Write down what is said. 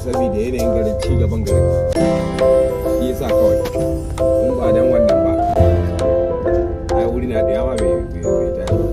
saboda yanayin garin ci gaban garin shi yasa kawai in ba dan wannan ba ai wuri na da yawa bai bai bai